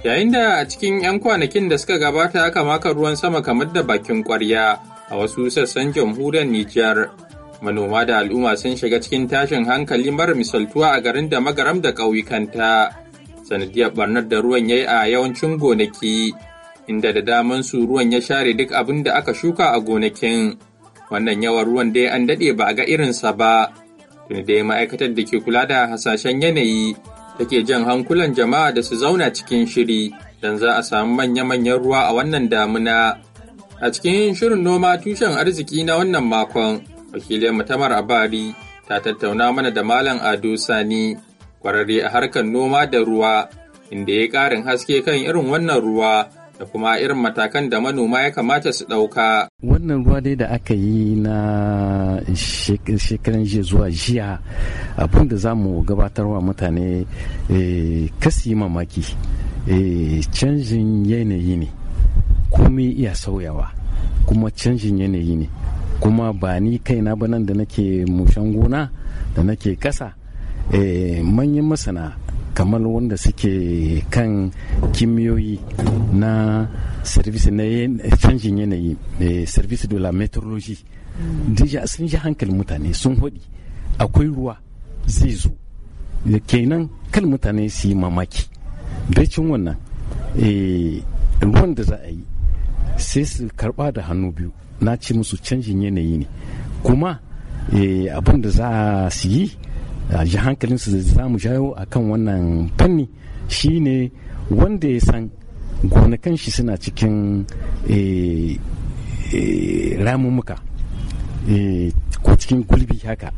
Yayin da a cikin 'yan kwanakin da suka gabata aka maka ruwan sama kamar da bakin kwarya a wasu sassan jamhuriyar Nijar. Manoma da al'umma sun shiga cikin tashin hankali mara misaltuwa a garin da magaram da ƙauyukanta. Sanadiyar barnar da ruwan ya yi a yawancin gonaki, inda da daman su ruwan ya share duk abin da aka shuka a gonakin. Wannan yawan ruwan dai an daɗe ba a ga irinsa ba. Tuni dai ma'aikatar da ke kula da hasashen yanayi da ke jan hankulan jama'a da su zauna cikin shiri don za a samu manya-manyan ruwa a wannan damuna. A cikin shirin noma tushen arziki na wannan makon, wakilin mutamar abari ta tattauna mana da Malam Ado Sani, kwararre a harkar noma da ruwa, inda ya ƙarin haske kan irin wannan ruwa da kuma irin matakan da manoma ya kamata su ɗauka. Wannan ruwa dai da aka yi na shekaran jiya zuwa jiya abin da za mu gabatarwa mutane eh, kasi mamaki eh, canjin yanayi ne komai iya sauyawa kuma canjin yanayi ne kuma ba ni kaina ba nan da nake mushan gona da nake kasa eh, manyan masana kamar wanda suke kan kimiyoyi na service na canjin yanayi eh, service de la meteorology mm. deja sun ji hankalin mutane sun hodi akwai ruwa zai zo kenan kan mutane su yi mamaki cin wannan eh, ruwan da za a yi sai su karba da hannu biyu na ce musu canjin yanayi ne kuma eh, abin da za su yi ji hankalinsu za mu jayo a kan wannan fanni shine wanda ya san gonakan shi suna cikin eh, eh, ramumuka eh, ko cikin gulbi haka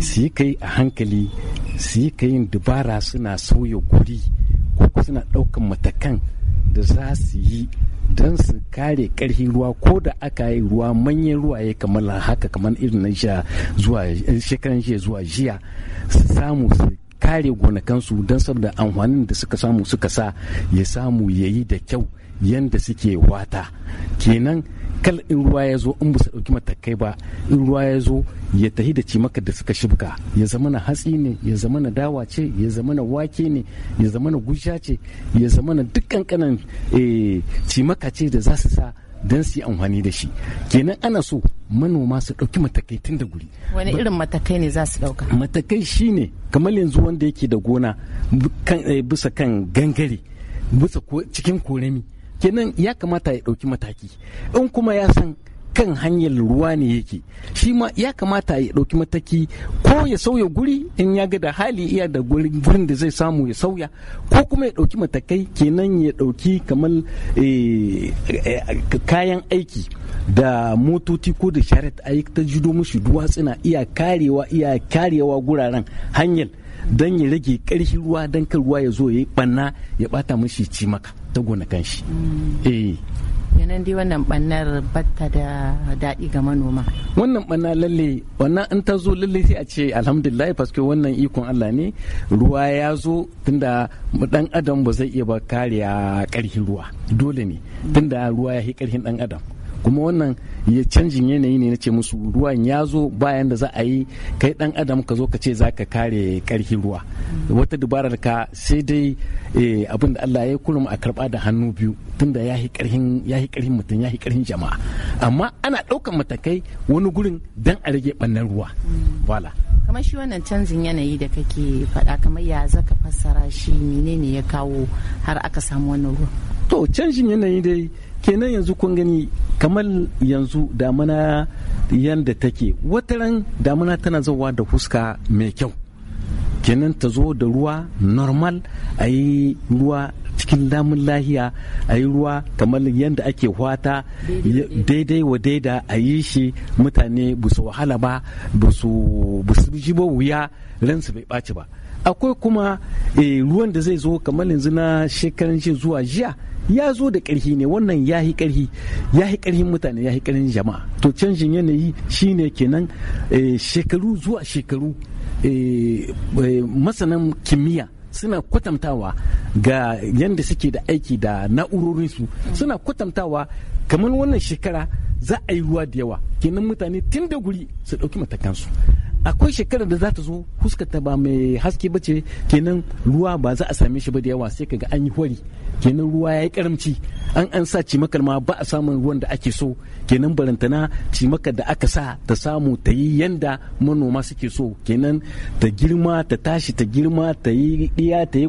su yi kai a hankali su yi kai dubara suna sauya guri ko suna ɗaukan matakan da za su yi don su kare karfin ruwa ko da aka yi ruwa manyan ruwaye kamar haka kamar irin na zuwa eh, shekaran jiya zuwa jiya su samu su kare gonakansu don saboda amfanin da suka samu suka sa ya samu ya yi da kyau yanda suke wata kenan kal in ruwa ya zo in ba su ɗauki matakai ba in ruwa ya zo ya tahi da cimaka da suka shibka ya zama na hatsi ne ya zama na dawa ce ya zama na wake ne ya zama na gusha ce ya zama na duk kankanan eh, cimaka ce da za su sa don su yi amfani da shi kenan ana so manoma su ɗauki matakai tun da guri wani irin matakai ne za su ɗauka matakai shine kamar yanzu wanda yake da gona eh, bisa kan gangare bisa cikin koremi kenan ya kamata ya ɗauki mataki in kuma ya san kan hanyar ruwa ne yake shi ma ya kamata ya ɗauki mataki ko ya sauya guri in ya ga da hali iya da gurin da zai samu ya sauya ko kuma ya ɗauki matakai kenan ya ɗauki kamar eh, kayan aiki da motoci ko da sharet yi ta jido mushi duwatsuna iya karewa iya karewa guraren hanyar don ya rage ƙarfi ruwa don kan ruwa ya zo ya yi ɓanna ya ɓata mushi cimaka ta kan shi yanan mm. eh. dai wannan bannar batta da daɗi ga manoma wannan banna lalle wannan in ta zo lalle sai a ce alhamdulillah paske wannan ikon Allah ne ruwa ya zo tunda dan adam ba zai iya ba kariya karhin ruwa dole ne tunda ruwa ya hi karhin dan adam kuma wannan ya canjin yanayi ne na ce musu ruwan ya zo bayan da za a yi kai dan adam ka zo ka ce za ka kare karfin ruwa wata dabarar ka sai dai eh, abin da Allah ya kurum a karba da hannu biyu tunda ya yi karhin mutum ya yi karfin jama'a amma ana ɗaukan matakai wani gurin dan a rage bannan ruwa wala hmm. kamar shi wannan canjin yanayi da kake faɗa kamar ya zaka fassara shi menene ya kawo har aka samu wannan ruwa to canjin yanayi dai kenan yanzu kun gani kamar yanzu damana yanda take wataran damana tana zawa da huska mai kyau kenan ta zo da ruwa normal a yi ruwa cikin damun lahiya a yi ruwa kamar yadda ake wata daidai wa daida a yi shi mutane ba su wahala ba ba su ba wuya ransu bai ɓaci ba akwai kuma eh, ruwan da zai zo kamar yanzu na shekaran shi zuwa jiya ya zo da ƙarfi ne wannan ya yi ƙarfi ya yi ƙarfin mutane ya yi ƙarfin jama'a to canjin yanayi shine kenan eh, shekaru zuwa shekaru eh, masanan kimiyya suna kwatantawa ga yadda suke da aiki da na'urorinsu suna kwatantawa kamar wannan shekara za a yi ruwa da yawa kenan mutane tun da guri su ɗauki matakansu akwai shekarar da za ta zo ta ba mai haske ba ce kenan ruwa ba za a same shi ba da yawa sai kaga an yi hori kenan ruwa ya yi karamci an an sa cimakar ma ba a samun ruwan da ake so kenan barantana cimakar da aka sa ta samu ta yi yanda manoma suke so kenan ta girma ta tashi ta girma ta yi ɗiya ta yi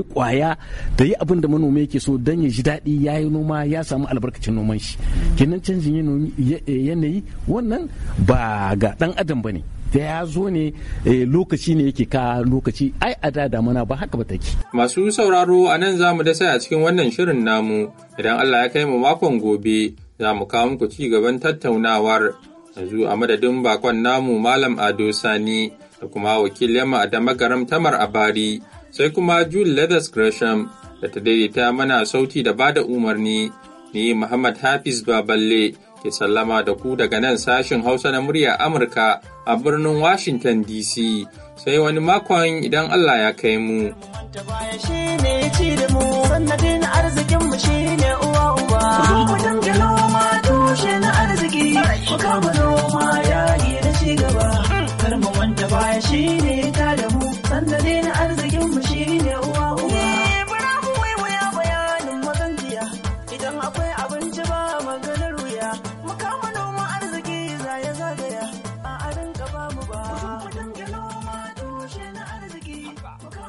kwaya um, ta yi abin da manoma yake so dan ya ji daɗi ya yi noma ya samu albarkacin noman shi kenan canjin eh, yanayi wannan ba ga ɗan adam ba ne da ya zo ne eh, lokaci ne yake ka lokaci ai a da mana ba haka ba take masu sauraro a nan za mu dasa a cikin wannan shirin namu idan Allah ya kai mu makon gobe za mu kawo muku ci gaban tattaunawar yanzu a madadin bakon namu malam ado sani da kuma wakil yamma da magaram tamar abari sai kuma jule leathers gresham da ta daidaita mana sauti da bada umarni ni muhammad hafiz baballe ke sallama da ku daga nan sashin Hausa na murya Amurka a birnin Washington DC sai wani makon idan Allah ya kai mu. arzikinmu